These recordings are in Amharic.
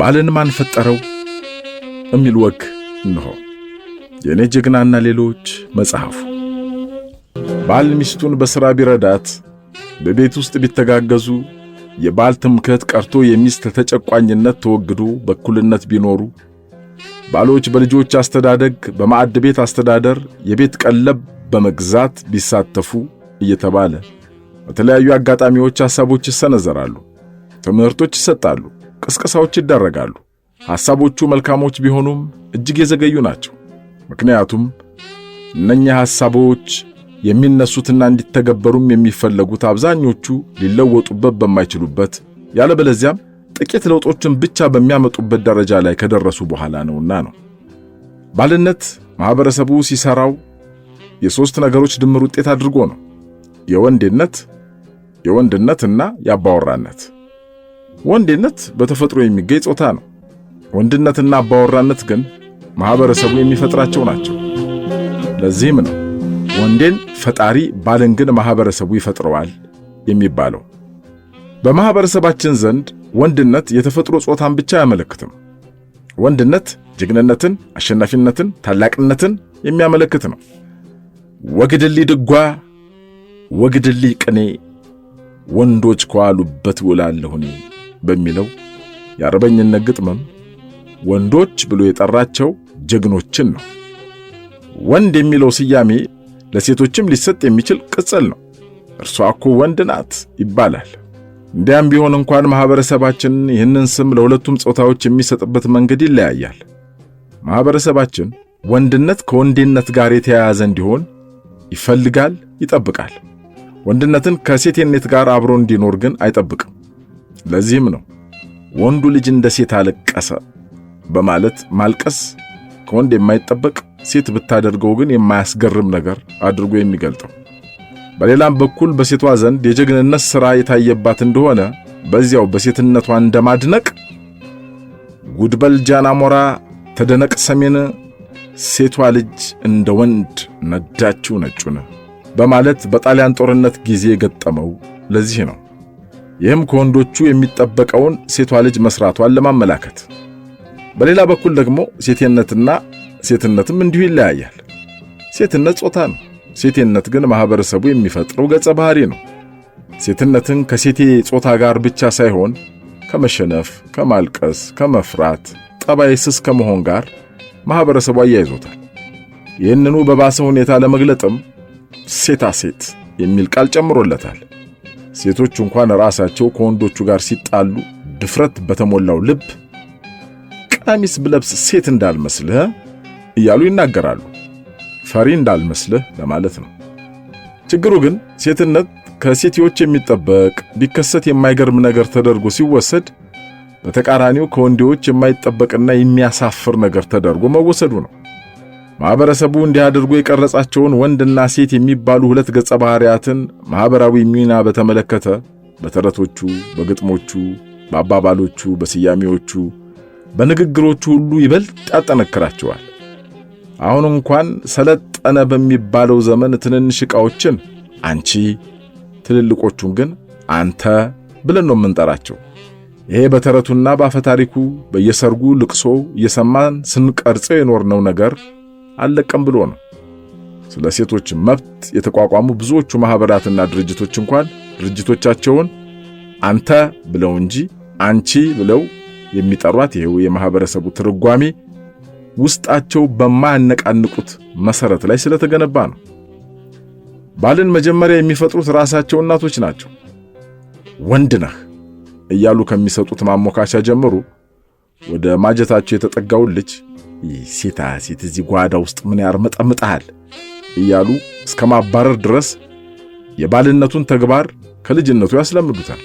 ባልን ማን ፈጠረው የሚል ወግ እንሆ። የእኔ ጀግናና ሌሎች መጽሐፉ። ባል ሚስቱን በሥራ ቢረዳት፣ በቤት ውስጥ ቢተጋገዙ፣ የባል ትምክህት ቀርቶ የሚስት ተጨቋኝነት ተወግዶ በእኩልነት ቢኖሩ፣ ባሎች በልጆች አስተዳደግ፣ በማዕድ ቤት አስተዳደር፣ የቤት ቀለብ በመግዛት ቢሳተፉ እየተባለ በተለያዩ አጋጣሚዎች ሐሳቦች ይሰነዘራሉ፣ ትምህርቶች ይሰጣሉ። ቅስቀሳዎች ይዳረጋሉ። ሐሳቦቹ መልካሞች ቢሆኑም እጅግ የዘገዩ ናቸው። ምክንያቱም እነኛ ሐሳቦች የሚነሱትና እንዲተገበሩም የሚፈለጉት አብዛኞቹ ሊለወጡበት በማይችሉበት ያለበለዚያም ጥቂት ለውጦችን ብቻ በሚያመጡበት ደረጃ ላይ ከደረሱ በኋላ ነውና ነው። ባልነት ማህበረሰቡ ሲሰራው የሶስት ነገሮች ድምር ውጤት አድርጎ ነው የወንዴነት የወንድነትና የአባወራነት ወንዴነት በተፈጥሮ የሚገኝ ጾታ ነው። ወንድነትና አባወራነት ግን ማህበረሰቡ የሚፈጥራቸው ናቸው። ለዚህም ነው ወንዴን ፈጣሪ ባልን ግን ማህበረሰቡ ይፈጥረዋል የሚባለው። በማህበረሰባችን ዘንድ ወንድነት የተፈጥሮ ጾታን ብቻ አያመለክትም። ወንድነት ጀግንነትን፣ አሸናፊነትን፣ ታላቅነትን የሚያመለክት ነው። ወግድልይ ድጓ ወግድልይ ቅኔ ወንዶች ከዋሉበት ውላለሁ እኔ በሚለው የአርበኝነት ግጥምም ወንዶች ብሎ የጠራቸው ጀግኖችን ነው። ወንድ የሚለው ስያሜ ለሴቶችም ሊሰጥ የሚችል ቅጽል ነው። እርሷ እኮ ወንድ ናት ይባላል። እንዲያም ቢሆን እንኳን ማህበረሰባችን ይህንን ስም ለሁለቱም ጾታዎች የሚሰጥበት መንገድ ይለያያል። ማህበረሰባችን ወንድነት ከወንዴነት ጋር የተያያዘ እንዲሆን ይፈልጋል፣ ይጠብቃል። ወንድነትን ከሴቴነት ጋር አብሮ እንዲኖር ግን አይጠብቅም። ለዚህም ነው ወንዱ ልጅ እንደ ሴት አለቀሰ በማለት ማልቀስ ከወንድ የማይጠበቅ ሴት ብታደርገው ግን የማያስገርም ነገር አድርጎ የሚገልጠው። በሌላም በኩል በሴቷ ዘንድ የጀግንነት ሥራ የታየባት እንደሆነ በዚያው በሴትነቷ እንደማድነቅ ጉድበል ጃናሞራ ተደነቅ ሰሜን ሴቷ ልጅ እንደ ወንድ ነዳችው ነጩን በማለት በጣሊያን ጦርነት ጊዜ የገጠመው ለዚህ ነው። ይህም ከወንዶቹ የሚጠበቀውን ሴቷ ልጅ መስራቷን ለማመላከት፣ በሌላ በኩል ደግሞ ሴቴነትና ሴትነትም እንዲሁ ይለያያል። ሴትነት ጾታ ነው። ሴቴነት ግን ማህበረሰቡ የሚፈጥረው ገጸ ባህሪ ነው። ሴትነትን ከሴቴ ጾታ ጋር ብቻ ሳይሆን ከመሸነፍ፣ ከማልቀስ፣ ከመፍራት፣ ጠባይ ስስ ከመሆን ጋር ማህበረሰቡ አያይዞታል። ይህንኑ በባሰ ሁኔታ ለመግለጥም ሴታ ሴት የሚል ቃል ጨምሮለታል። ሴቶች እንኳን ራሳቸው ከወንዶቹ ጋር ሲጣሉ ድፍረት በተሞላው ልብ ቀሚስ ብለብስ ሴት እንዳልመስልህ እያሉ ይናገራሉ። ፈሪ እንዳልመስልህ ለማለት ነው። ችግሩ ግን ሴትነት ከሴቲዎች የሚጠበቅ ቢከሰት የማይገርም ነገር ተደርጎ ሲወሰድ፣ በተቃራኒው ከወንዶች የማይጠበቅና የሚያሳፍር ነገር ተደርጎ መወሰዱ ነው። ማህበረሰቡ እንዲህ አድርጎ የቀረጻቸውን ወንድና ሴት የሚባሉ ሁለት ገጸ ባህሪያትን ማህበራዊ ሚና በተመለከተ በተረቶቹ፣ በግጥሞቹ፣ በአባባሎቹ፣ በስያሜዎቹ፣ በንግግሮቹ ሁሉ ይበልጥ ያጠነክራቸዋል። አሁን እንኳን ሰለጠነ በሚባለው ዘመን ትንንሽ ዕቃዎችን አንቺ፣ ትልልቆቹን ግን አንተ ብለን ነው የምንጠራቸው። ይሄ በተረቱና በአፈታሪኩ በየሰርጉ ልቅሶ እየሰማን ስንቀርጸው የኖርነው ነገር አልለቀም ብሎ ነው። ስለ ሴቶች መብት የተቋቋሙ ብዙዎቹ ማህበራትና ድርጅቶች እንኳን ድርጅቶቻቸውን አንተ ብለው እንጂ አንቺ ብለው የሚጠሯት ይሄው የማህበረሰቡ ትርጓሜ ውስጣቸው በማያነቃንቁት መሰረት ላይ ስለተገነባ ነው። ባልን መጀመሪያ የሚፈጥሩት ራሳቸው እናቶች ናቸው። ወንድ ነህ እያሉ ከሚሰጡት ማሞካሻ ጀምሩ ወደ ማጀታቸው የተጠጋውን ልጅ ሴታ ሴት እዚህ ጓዳ ውስጥ ምን ያርመጠምጣል እያሉ እስከ ማባረር ድረስ የባልነቱን ተግባር ከልጅነቱ ያስለምዱታል።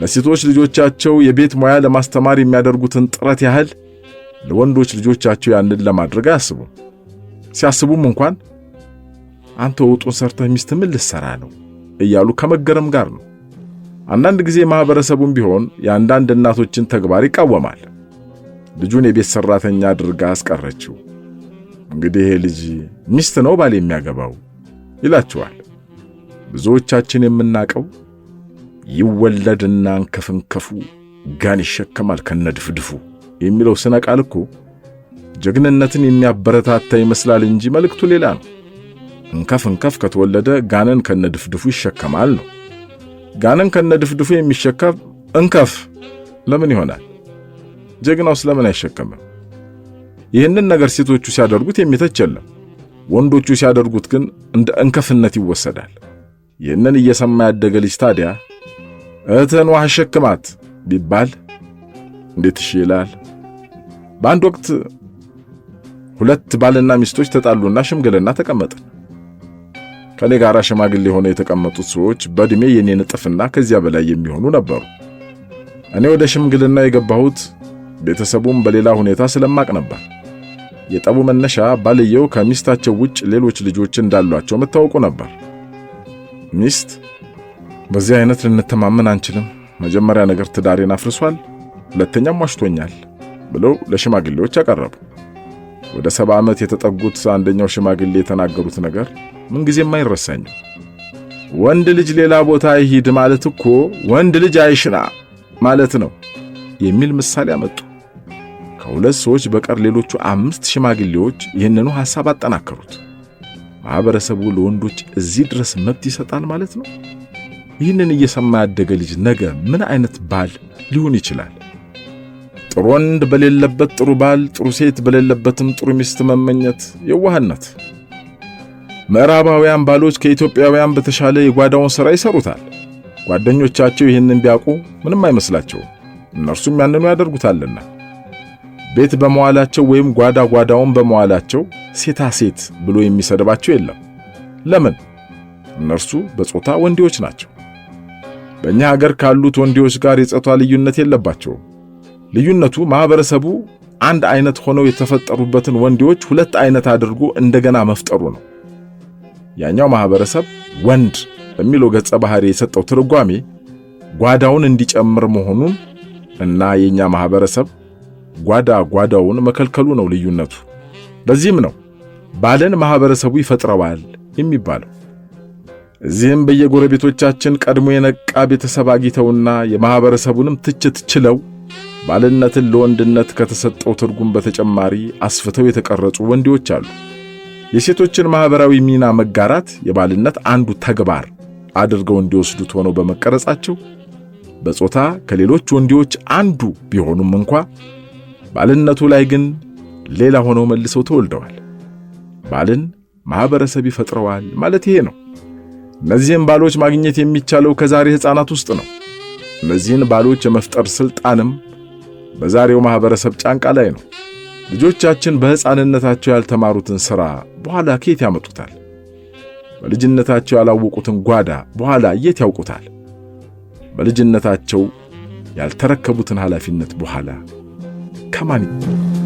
ለሴቶች ልጆቻቸው የቤት ሙያ ለማስተማር የሚያደርጉትን ጥረት ያህል ለወንዶች ልጆቻቸው ያንን ለማድረግ አያስቡም። ሲያስቡም እንኳን አንተ ወጡን ሰርተህ ሚስት ምን ልትሰራ ነው እያሉ ከመገረም ጋር ነው። አንዳንድ ጊዜ ማህበረሰቡም ቢሆን የአንዳንድ እናቶችን ተግባር ይቃወማል። ልጁን የቤት ሰራተኛ አድርጋ አስቀረችው። እንግዲህ ይሄ ልጅ ሚስት ነው ባል የሚያገባው ይላችኋል። ብዙዎቻችን የምናቀው ይወለድና እንከፍንከፉ ጋን ይሸከማል ከነድፍድፉ የሚለው ስነ ቃል እኮ ጀግንነትን የሚያበረታታ ይመስላል እንጂ መልእክቱ ሌላ ነው። እንከፍ እንከፍ ከተወለደ ጋንን ከነድፍድፉ ይሸከማል ነው። ጋንን ከነድፍድፉ የሚሸከም እንከፍ ለምን ይሆናል? ጀግናው ስለምን አይሸከምም? ይህንን ነገር ሴቶቹ ሲያደርጉት የሚተች የለም። ወንዶቹ ሲያደርጉት ግን እንደ እንከፍነት ይወሰዳል። ይህንን እየሰማ ያደገ ልጅ ታዲያ እህትህን ውሃ አሸክማት ቢባል እንዴት እሺ ይላል? በአንድ ወቅት ሁለት ባልና ሚስቶች ተጣሉና ሽምግልና ተቀመጥን። ከኔ ጋር ሽማግሌ ሆነው የተቀመጡት ሰዎች በእድሜ የኔን እጥፍና ከዚያ በላይ የሚሆኑ ነበሩ። እኔ ወደ ሽምግልና የገባሁት ቤተሰቡም በሌላ ሁኔታ ስለማቅ ነበር። የጠቡ መነሻ ባልየው ከሚስታቸው ውጭ ሌሎች ልጆች እንዳሏቸው መታወቁ ነበር። ሚስት በዚህ አይነት ልንተማመን አንችልም፣ መጀመሪያ ነገር ትዳሬን አፍርሷል፣ ሁለተኛም ዋሽቶኛል ብለው ለሽማግሌዎች አቀረቡ። ወደ ሰባ ዓመት የተጠጉት አንደኛው ሽማግሌ የተናገሩት ነገር ምንጊዜም አይረሳኝም። ወንድ ልጅ ሌላ ቦታ ይሂድ ማለት እኮ ወንድ ልጅ አይሽና ማለት ነው የሚል ምሳሌ አመጡ። ከሁለት ሰዎች በቀር ሌሎቹ አምስት ሽማግሌዎች ይህንኑ ሐሳብ አጠናከሩት። ማኅበረሰቡ ለወንዶች እዚህ ድረስ መብት ይሰጣል ማለት ነው? ይህንን እየሰማ ያደገ ልጅ ነገ ምን አይነት ባል ሊሆን ይችላል? ጥሩ ወንድ በሌለበት ጥሩ ባል፣ ጥሩ ሴት በሌለበትም ጥሩ ሚስት መመኘት የዋህነት። ምዕራባውያን ባሎች ከኢትዮጵያውያን በተሻለ የጓዳውን ሥራ ይሰሩታል። ጓደኞቻቸው ይህንን ቢያውቁ ምንም አይመስላቸውም፣ እነርሱም ያንኑ ያደርጉታልና። ቤት በመዋላቸው ወይም ጓዳ ጓዳውን በመዋላቸው ሴታ ሴት ብሎ የሚሰድባቸው የለም። ለምን? እነርሱ በጾታ ወንዴዎች ናቸው። በእኛ ሀገር ካሉት ወንዴዎች ጋር የጾታ ልዩነት የለባቸውም። ልዩነቱ ማህበረሰቡ አንድ አይነት ሆነው የተፈጠሩበትን ወንዴዎች ሁለት አይነት አድርጎ እንደገና መፍጠሩ ነው። ያኛው ማህበረሰብ ወንድ በሚለው ገጸ ባህሪ የሰጠው ትርጓሜ ጓዳውን እንዲጨምር መሆኑን እና የኛ ማህበረሰብ ጓዳ ጓዳውን መከልከሉ ነው ልዩነቱ። ለዚህም ነው ባለን ማህበረሰቡ ይፈጥረዋል የሚባለው። እዚህም በየጎረቤቶቻችን ቀድሞ የነቃ ቤተሰብ አግኝተውና የማህበረሰቡንም ትችት ችለው ባልነትን ለወንድነት ከተሰጠው ትርጉም በተጨማሪ አስፍተው የተቀረጹ ወንዶች አሉ። የሴቶችን ማህበራዊ ሚና መጋራት የባልነት አንዱ ተግባር አድርገው እንዲወስዱት ሆነው በመቀረጻቸው በጾታ ከሌሎች ወንዶች አንዱ ቢሆኑም እንኳ ባልነቱ ላይ ግን ሌላ ሆነው መልሰው ተወልደዋል። ባልን ማህበረሰብ ይፈጥረዋል ማለት ይሄ ነው። እነዚህን ባሎች ማግኘት የሚቻለው ከዛሬ ሕፃናት ውስጥ ነው። እነዚህን ባሎች የመፍጠር ስልጣንም በዛሬው ማህበረሰብ ጫንቃ ላይ ነው። ልጆቻችን በሕፃንነታቸው ያልተማሩትን ሥራ በኋላ ከየት ያመጡታል? በልጅነታቸው ያላወቁትን ጓዳ በኋላ የት ያውቁታል? በልጅነታቸው ያልተረከቡትን ኃላፊነት በኋላ 가만히